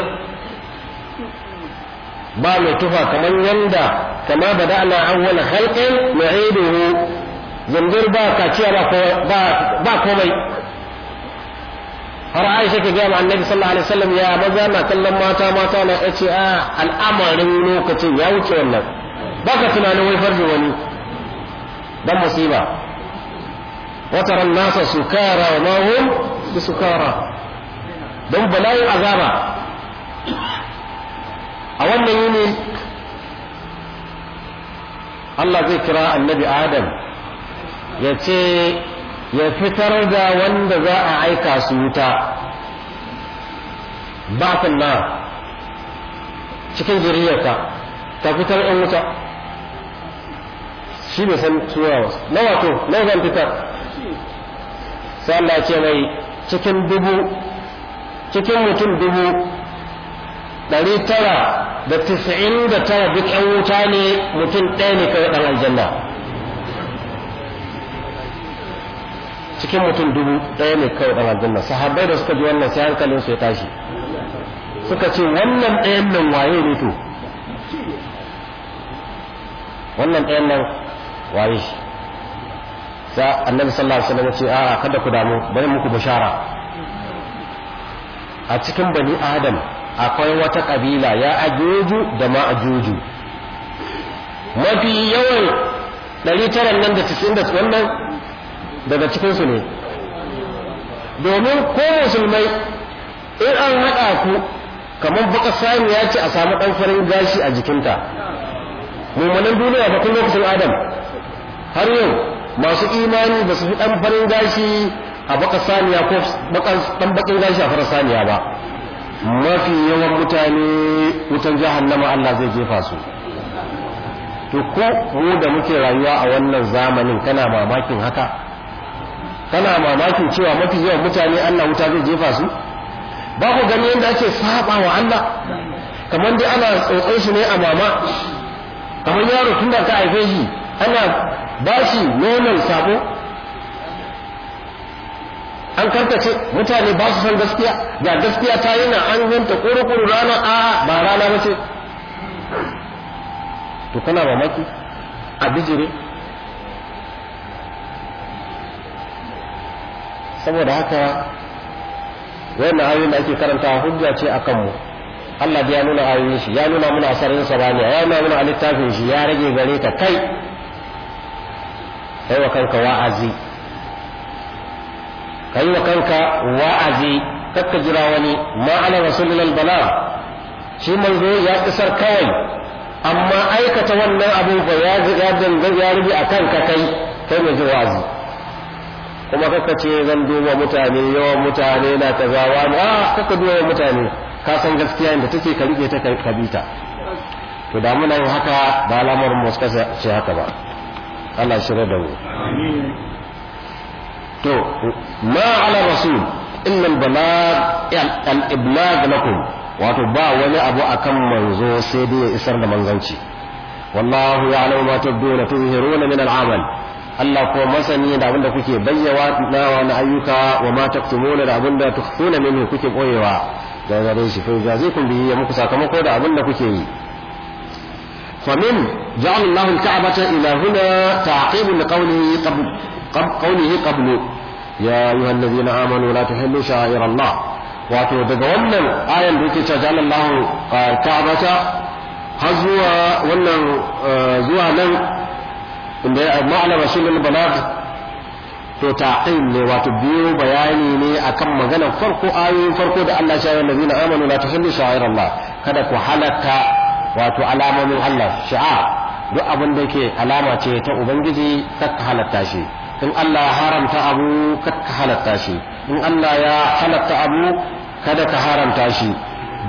ba mai tufa kamar yanda kama bada ana awwala khalqin nu'iduhu zanjir ba kaciya ba komai har Aisha ke gaya annabi sallallahu alaihi wasallam ya maza na kallon mata mata na ce a al'amarin lokacin ya wuce wannan ba ka tunanin wai farji wani dan musiba wa tara an-nasa sukara wa ma hum sukara don bala'in azaba a wannan yini Allah zai kira annabi Adam ya ce ya fitar da wanda za a aika su wuta ba na cikin zuriyarka ta fitar 'yan wuta shi bai san suwa wasu na wato na zan fitar sai Allah ce mai cikin dubu cikin mutum dubu ɗari tara da tisa'in da tara duk ‘yan wuta ne mutum ɗaya ne kawai ɗan aljanna cikin mutum dubu ɗaya ne kawai ɗan aljanna sahabbai da suka ji wannan sai hankalin su ya tashi suka ce wannan ɗayan nan waye ne to wannan ɗayan nan waye shi sa annabi sallallahu alaihi wasallam ya ce a'a kada ku damu bari muku bishara a cikin bani adam akwai wata kabila ya ajuju da ma ajuju mafi yawan 990 wannan daga cikinsu ne domin ko musulmai in an haɗa ku kamar baka sami ya ce a samu ɗan farin gashi a jikinta mummunan duniya ba kun lokacin adam har yau masu imani ba su fi ɗan farin gashi a baka saniya ko dan bakin gashi a fara saniya ba mafi yawan mutane wutan jahannama Allah zai jefa su to ko mu da muke rayuwa a wannan zamanin kana mamakin haka kana mamakin cewa mafi yawan mutane Allah wuta zai jefa su ba ku gani yadda ake saba wa Allah kamar dai ana tsotsar shi ne a mama kamar yaro tun da ka haife shi ana ba shi nonon sabo an karkace mutane ba su san gaskiya ga gaskiya ta yi na an yanta kuru rana a ba rana ba ce to kana mamaki a bijire saboda haka wannan ayoyi da ake karanta hujja ce a kanmu Allah ya nuna ayoyin shi ya nuna muna asarin sabaniya ya nuna muna a littafin shi ya rage gare ka kai kai wa kanka wa'azi ka yi wa kanka wa'azi kakka jira wani ma'ana rasulun bala shi manzo ya kisar kawai amma aikata wannan abin ba ya ziga dangar ya rubi a kanka kai kai mai wa'azi kuma kakka ce zan duba mutane yawan mutane na kaza wani a ah, kakka duba mutane ka san gaskiya inda take ka rike ta ka to da muna haka da alamar mu ce haka ba Allah shirya da mu amin to ma ala rasul innal balag al iblag lakum wato ba wani abu akan manzo sai dai ya isar da manzanci wallahu ya'lamu ma tubduna tuzhiruna min al amal Allah ko masani da abinda kuke bayyawa na wani ayyuka wa ma taktumuna da abinda tukhfuna minhu kuke boyewa da gare shi fa jazikum bihi ya muku sakamako da abinda da kuke yi famin جعل الله الكعبة إلى هنا تعقيب لقوله قبل qawlihi qablu ya ayyuhal ladzina amanu la tuhillu sha'air Allah wato daga wannan ayan da yake cewa Allahu ka'bata har zuwa wannan zuwa nan inda ya ma'alama shi lil balad to ta'in ne wato biyo bayani ne akan magana farko ayoyin farko da Allah ya yi na amanu la tuhillu sha'air Allah kada ku halaka wato alamomin Allah sha'a duk abin da ke alama ce ta ubangiji kakka halatta shi in Allah ya haramta abu ka halatta shi in Allah ya halatta abu kada ka haramta shi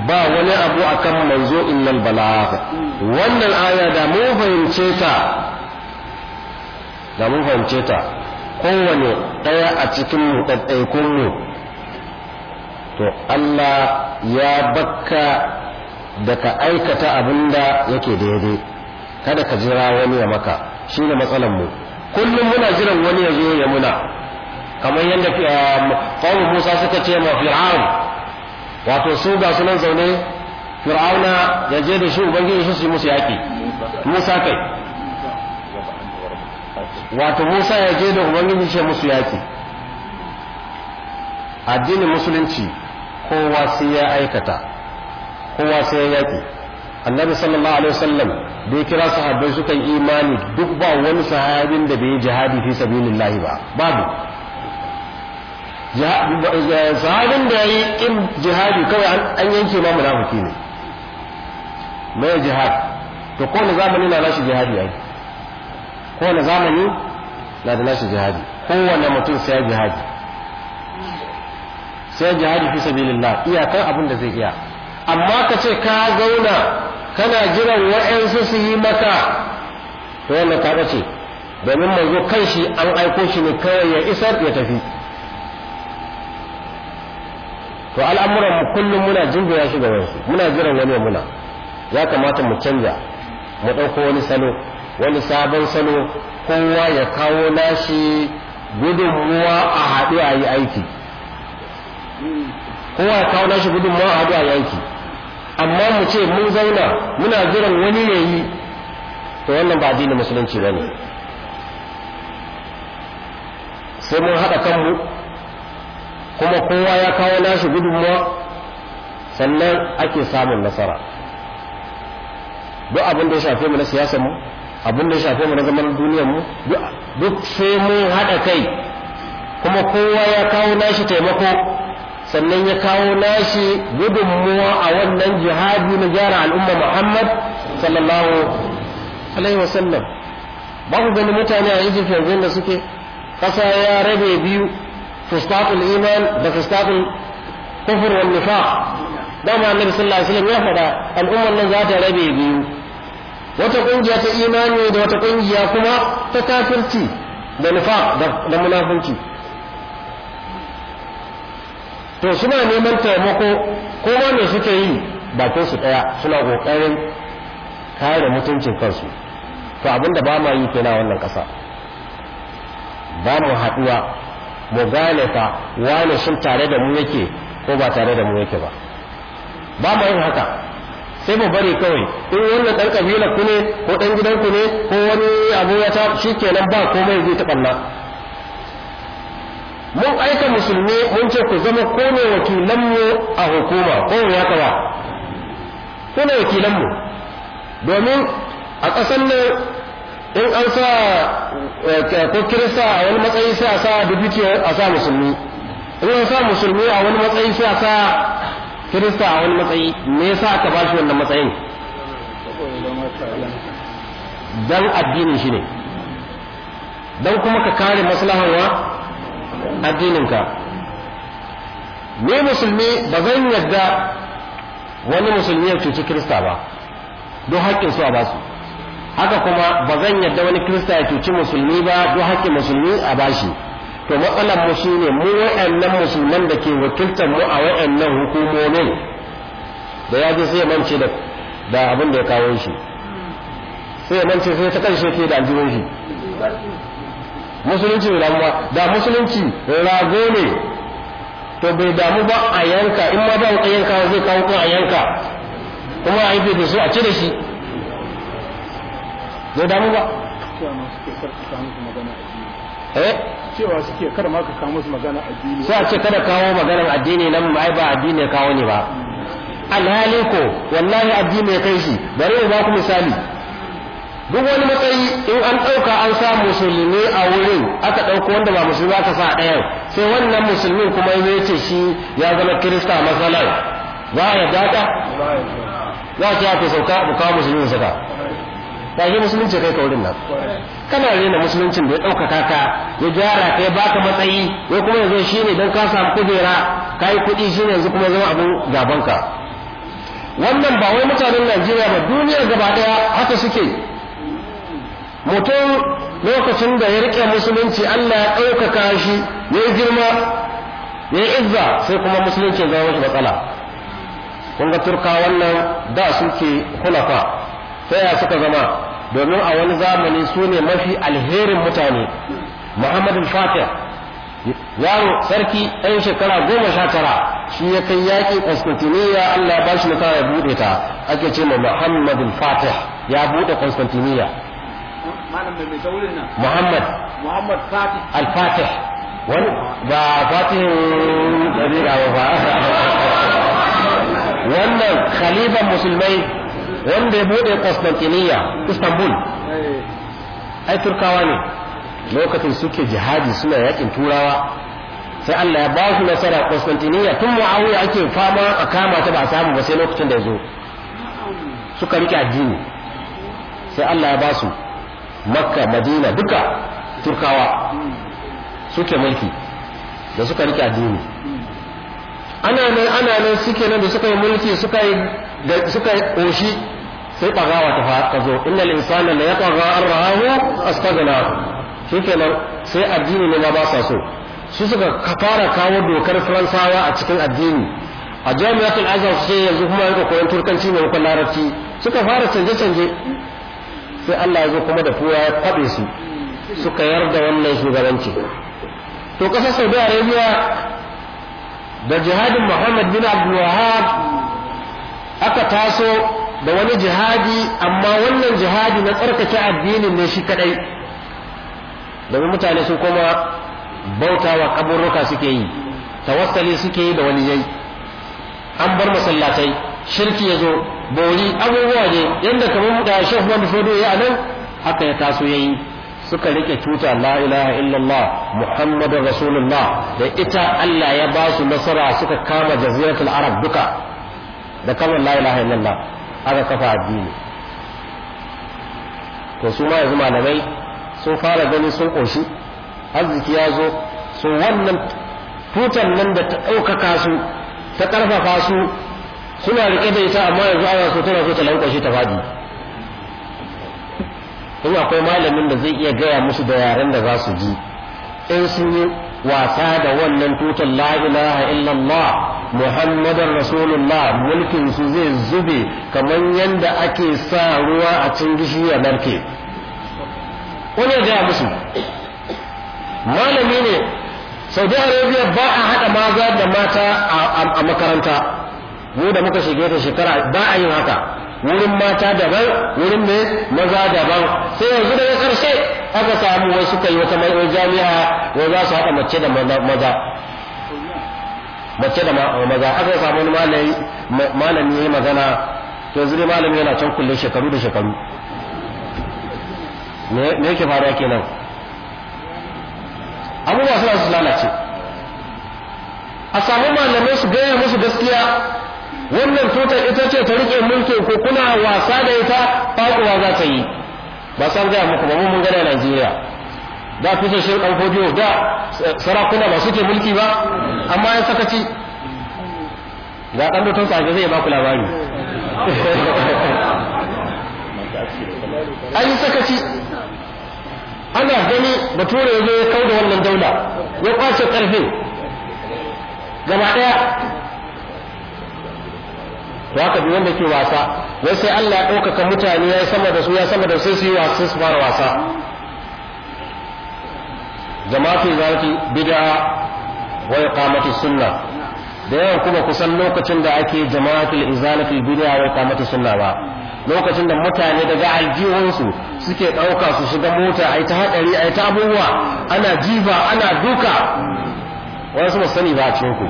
ba wani abu akan manzo illal balagh wannan aya da mu fahimce ta da mun fahimce ta kowane ɗaya a cikin mu mu to Allah ya bakka da ka aikata abinda yake daidai kada ka jira wani ya maka shine matsalan mu kullum muna jiran wani ya zo ya muna kamar yadda eh, qawmu Musa suka ce ma fir'aun wato su ga sunan zaune fir'auna ya je da shi ubangiji shi su musu yaƙi. Musa kai wato Musa ya je da ubangiji shi musu yaƙi. addinin musulunci kowa sai ya aikata kowa sai ya yaƙi. annabi sallallahu alaihi wasallam bai kira sahabbai sukan imani duk ba wani sahabin da bai jihadi fi sabilillahi ba babu sahabin da yayi kin jihadi kawai an yanke ma munafiki ne mai jihad to ko na zamani na nashi jihadi yayi ko na zamani na da nashi jihadi kowanne mutum sai jihadi sai jihadi fi sabilillah kan abin da zai iya amma ka ce ka zauna kana jiran wa'yansu su yi maka to wannan ta ɓace domin manzo kan shi an aiko shi ne kawai ya isar ya tafi to al'amuran mu kullum muna jingira shi ga wasu muna jiran wani muna ya kamata mu canja mu ɗauko wani salo wani sabon salo kowa ya kawo nashi gudunmuwa a aiki kowa ya nashi gudunmuwa a haɗu a yi aiki amma mu ce mun zauna muna jiran wani ya yi to wannan ba addinin musulunci ba ne sai mun haɗa kanmu kuma kowa ya kawo nashi gudunmuwa sannan ake samun nasara duk abin da ya shafe mu na siyasar mu abin da ya shafe mu na zaman duniyar mu duk sai mun haɗa kai kuma kowa ya kawo nashi taimako sannan ya kawo nashi gudunmuwa a wannan jihadi na gyara al'umma Muhammad sallallahu alaihi wasallam ba ku gani mutane a Egypt yanzu da suke kasa ya rabe biyu fustatul iman da fustatul kufur wal nifaq dama annabi sallallahu alaihi wasallam ya faɗa al'ummar nan za ta rabe biyu wata kungiya ta imani da wata kungiya kuma ta kafirci da nifaq da munafunci to suna neman taimako ko ma ne suke yi ko su daya suna kokarin kare mutuncin kansu to abinda ba ma yi kenan wannan kasa ba mu haduwa mu gane ka wane shin tare da mu yake ko ba tare da mu yake ba ba mu yin haka sai mu bari kawai in wannan ɗan kabilar ku ne ko ɗan gidan ku ne ko wani abu ya ta shikenan ba komai zai ta banna mun aika musulmi mun ce ku zama ko kone wakilanmu a hukuma ko ya kawa kone wakilanmu domin a ƙasar nan in an sa eh, ko kirista a wani matsayi sai a sa dubiti a sa musulmi in an sa musulmi a wani matsayi sai a sa kirista a wani matsayi me yasa aka ba shi wannan matsayin dan addinin shi ne dan kuma ka kare maslahawa? wa addininka ni musulmi ba zan yadda wani musulmi ya cuci kirista ba don haƙƙin su a basu haka kuma ba zan yadda wani kirista ya cuci musulmi ba don haƙƙin musulmi a bashi to matsalar mu shine mu wa'annan musulman da ke wakiltar mu a wa'annan hukumomin da ya je sai mance da da abin da ya kawo shi sai mance sai ta karshe ke da aljihun shi musulunci ramuwa da musulunci rago ne to bai damu ba a yanka in ma ba a yanka zai kawo kun a yanka kuma a yi da su a ci da shi bai damu ba cewa suke kada eh? ma ka kawo musu magana addini sai a ce kada kawo maganar addini nan ai ba addini kawo ne ba alhaliko wallahi addini ya kai shi bari in ba ku misali duk wani matsayi in an ɗauka an sa musulmi a wurin aka ɗauko wanda ba musulmi aka sa ɗayan sai wannan musulmin kuma ya ce shi ya zama kirista matsalar za a yarda ka za a ce sauka mu kawo musulmin saka ba yi musulunci kai ka wurin nan kana rena musuluncin da ya ɗaukaka ka ya gyara kai ya baka matsayi ya kuma yanzu shi ne don ka samu kujera ka yi kuɗi shi ne yanzu kuma zama abin gabanka wannan ba wai mutanen najeriya ba duniyar gaba ɗaya haka suke mutum lokacin da ya rike musulunci Allah ya ɗaukaka shi ya girma ya izza sai kuma musulunci zama shi matsala kun ga turka wannan da suke hulafa sai ya suka zama domin a wani zamani su ne mafi alherin mutane muhammadu fatih yaro sarki ɗan shekara goma sha tara shi ya kai yaƙi constantiniya allah ya ba shi nufa ya buɗe ta ake ce ma muhammadu fatih ya buɗe constantiniya malam mai Muhammad Muhammad ba Fatihin Kabira ba wannan khalifan musulmai wanda ya bude Constantinople Istanbul ai Turkawa ne lokacin suke jihadi suna yaƙin turawa sai Allah ya ba su nasara Constantinople tun Muawiya ake fama a kama ta ba samu ba sai lokacin da ya zo suka rike addini sai Allah ya basu. makka madina duka turkawa suke mulki da suka rike addini ana nan ana nan suke nan da suka yi mulki suka yi suka yi koshi sai bagawa ta ta zo innal insana la yatagha arrahu astaghna nan sai addini ne ma ba sa so su suka fara kawo dokar faransawa a cikin addini a jami'atul azhar sai yanzu kuma yanka koyon turkanci ne ko larabci suka fara canje canje sai Allah ya zo kuma da tuwa ya kwaɓe su suka yarda wannan shugabanci to ƙasar saudi arabia da jihadin muhammad bin abdul wahab aka taso da wani jihadi amma wannan jihadi na tsarkake addinin ne shi kadai domin mutane sun koma bautawa kaburruka suke yi tawassali suke yi da wani yai, an bar masallatai shirki ya zo bori abubuwa ne yadda kamar da shehu wanda sai doya nan haka ya taso yayi suka rike tuta la ilaha illallah muhammadur rasulullah da ita Allah ya ba su nasara suka kama jaziratul arab duka da kamar la ilaha illallah aka kafa addini to su ma yanzu malamai sun fara gani sun koshi arziki ya zo su wannan tutan nan da ta ɗaukaka su ta ƙarfafa su suna rike da ita amma yanzu ana so tana so ta lankwashe ta fadi in akwai malamin da zai iya gaya musu da yaren da za su ji in sun yi wasa da wannan tutan la ilaha illallah muhammadan rasulullah mulkin su zai zube kamar yadda ake sa ruwa a cin gishi a narke wani ya gaya musu malami ne saudi arabia ba a haɗa maza da mata a makaranta mu da muka shige ta shekara ba a yin haka wurin mata daban wurin ne maza daban sai yanzu daga karshe aka samu wai suka yi wata mai jami'a wai za su haɗa mace da maza mace da maza aka samu wani malami ya yi magana to yanzu malami yana can kullum shekaru da shekaru me yake faruwa kenan abubuwa suna su lalace a samu malamai su gaya musu gaskiya wannan tutar ita ce ta rike mulkin ku kuna wasa da ita faɗuwa za ta yi ba san gaya muku ba mun gana Najeriya da kusa shi dan fodiyo da sarakuna ba suke mulki ba amma ya sakaci ga dan dutun tsage zai ba ku labari an yi sakaci ana gani bature ya zo ya kau da wannan daula ya kwace karfe gaba daya to haka bi wanda ke wasa wai sai Allah ya ɗaukaka mutane ya sama da su ya sama da su su yi su fara wasa jama'a jama'atu zaki bid'a wa iqamati sunna da yawan kuma kusan lokacin da ake jama'atul izalatul bid'a wa iqamati sunna ba lokacin da mutane daga aljihunsu suke ɗauka su shiga mota a ta haɗari a ta abubuwa ana jiba ana duka wani su sani ba a cikin ku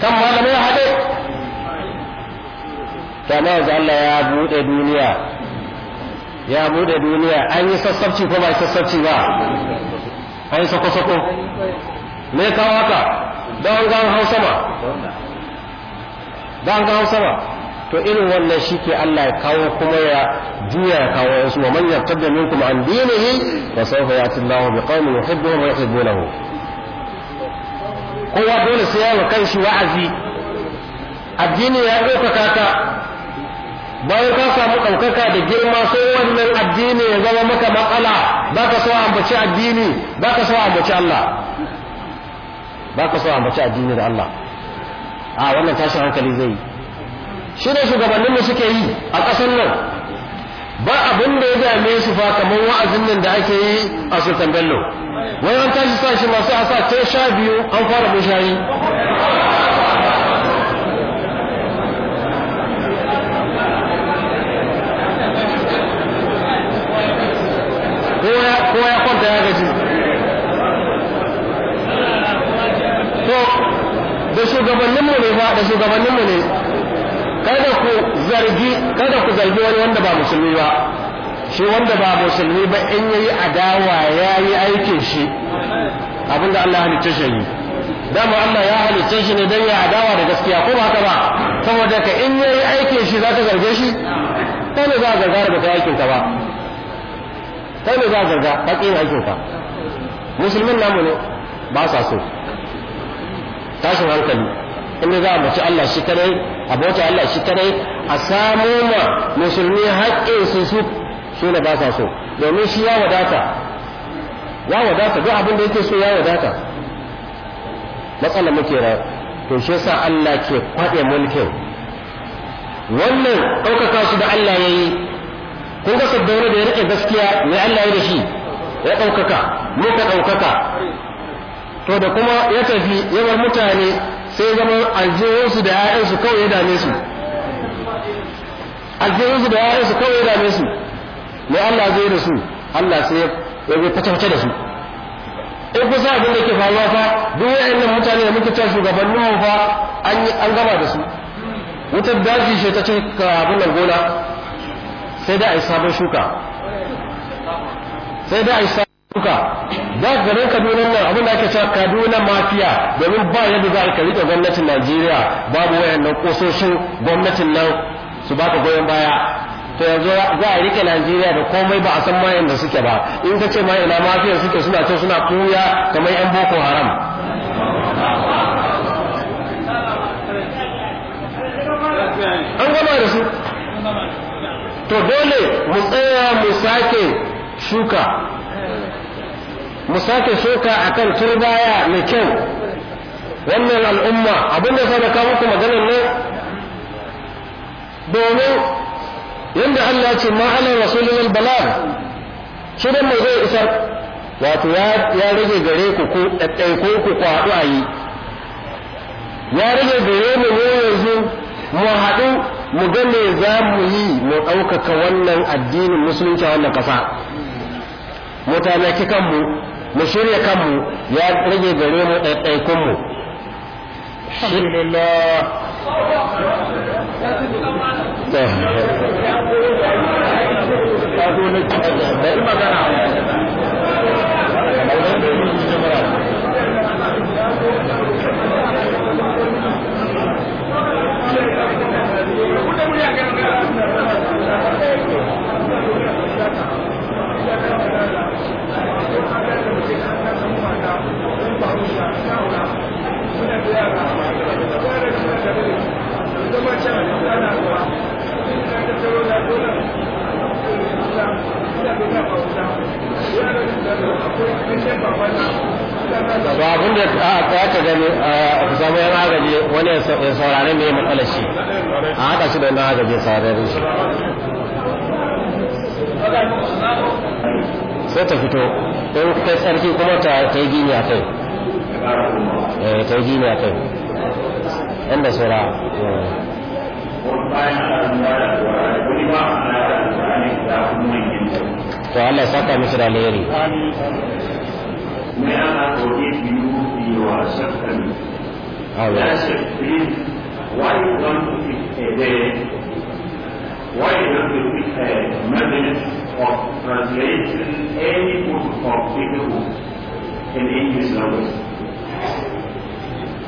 kan malamai haɗe kama yanzu Allah ya buɗe duniya ya buɗe duniya an yi sassabci ko ba yi sassabci ba an yi sako-sako me kawo haka don gan hau sama don gan hau sama to irin wannan shi ke Allah ya kawo kuma ya juya ya kawo wasu wa manyan man yartadda minkum an dinihi wa sawfa yati Allahu bi qaumin yuhibbuhum wa yuhibbunahu kowa dole sai ya wa shi wa'azi addini ya ɗaukaka ka bayan ka samu ɗaukaka da girma sai wannan addini ya zama maka matsala ba ka so ambaci addini ba ka so ambaci Allah ba ka so ambaci addini da Allah a wannan tashin hankali zai yi shi ne mu suke yi a ƙasar nan ba abin da ya dame su fa kamar wa'azin nan da ake yi a sultan bello wai an tashi sa shi masu asa ta sha biyu an fara mushayi shugabanninmu ne ba da shugabanninmu ne kada ku zargi kada ku zargi wani wanda ba musulmi ba shi wanda ba musulmi ba in yayi adawa yayi aikin shi abinda Allah ya halicce shi mu Allah ya halicce shi ne dan ya adawa da gaskiya ko ba ka ba saboda ka in yayi aikin shi za ka zarge shi kai ne za ka zarga da kai aikin ka ba kai ne za ka zarga ka aikin ka musulmin namu ne ba sa so tashin hankali inda za a mace Allah shi kadai a bauta Allah shi kadai a samo ma musulmi haƙƙin su su su da ba so domin shi ya wadata ya wadata duk abin da yake so ya wadata matsala muke ra to shi yasa Allah ke kwaɗe mulkin wannan ɗaukaka shi da Allah ya yi kun ga da ya riƙe gaskiya mai Allah ya da shi ya ɗaukaka muka ɗaukaka to da kuma ya tafi yawan mutane sai zama aljihunsu da 'ya'yansu kawai ya dame su aljihunsu da 'ya'yansu kawai ya dame su mai Allah zai da su Allah sai ya zai fata da su in kusa abin da ke faruwa fa duk wa'annan mutane da muke cewa shugabannin fa an gaba da su wutar daji ce ta cin ka abin gona sai da a yi sabon shuka sai da a duka za ka garin kaduna nan abin da ake cewa kaduna mafiya domin ba yadda za ka rike gwamnatin najeriya babu wayannan kososhin gwamnatin nan su baka goyon baya to yanzu za a rike najeriya da komai ba a san mayan da suke ba in ka ce ma ina mafiya suke suna ce suna kuya kamar yan boko haram an gama da su to dole mu tsaya mu sake shuka mu sake shuka akan turbaya mai kyau wannan al'umma abinda sadaka muku maganar nan domin yadda Allah ce ma'ana rasulun balag shirin mai zai isar wato ya rage gare ku ko ɗaiɗaiko ku kwaɗu a yi ya rage gare mu ne yanzu mu haɗu mu ga za mu yi mu ɗaukaka wannan addinin musulunci a wannan ƙasa mu tanaki kanmu mu shirya kanmu ya rage gare mu ɗaiɗaikun mu Thank you. ba abin da a tsaya ka gani a samu yan agaji wani ya saurare mai matsalar shi a haka shi da yan agaji saurare shi sai ta fito in kai tsarki kuma ta yi gini a kai eh tauji ne akai inda sura to Allah saka musu da alheri mai ana koke biyu biyu a shakkan ya shakkan why you want to pick a day, why you want to pick a method of translating any book of people in English language.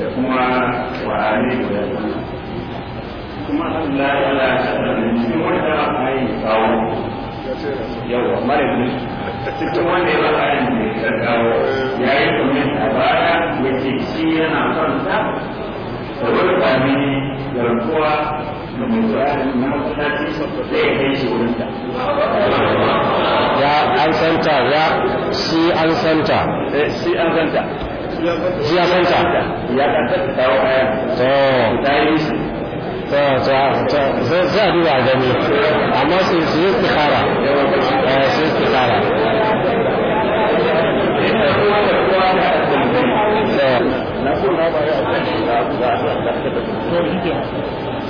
da kuma ƙwararre guda kuma Allah ya la ya cikin wanda mai kawo yawa mara ne cikin wanda ya a yi mai ya yi kumin a baya ya ce shi yana kwanta da wani kwami garkuwa da mai na kai shi ya an santa ya shi an santa eh, shi an santa jiya fanta ya ta to ta yi to to to za duba gani amma su su yi istikhara eh su yi na so na ba ya ta ta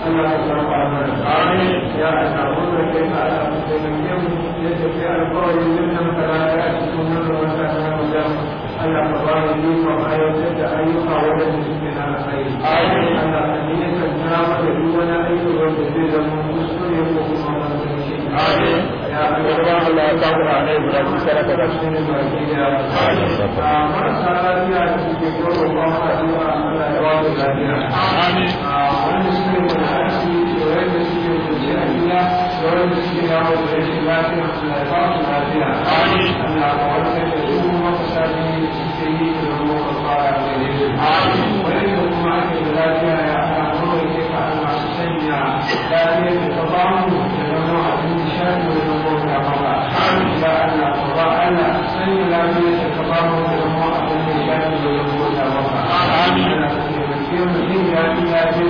Allah ya samu amin na da المسجد وغير المسجد والمسجد الأمينة وغير المسجد وغير الإمامة والخلافات العافية أن أقوالك تدعوه وتسامي سيد الأمور والقارع الجليل معك بذلك يا أحمد إليك أن أحسننا لكن تطعمه تنوع الانتشار والنمور يا الله إلى أن أتضاءنا أن لم يتطعمه تنوع الانتشار والنمور يا الله أنا كثير من الدنيا إلى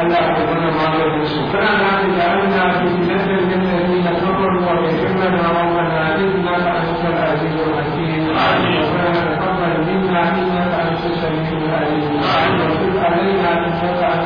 ألا يحبنا على الرسول فأنا اجعلنا فتنة للذين كفروا ويحب ربنا إنك أنت العزيز الحكيم ربنا تقبل منا إنك أنت السميع العليم وتب علينا إنك أنت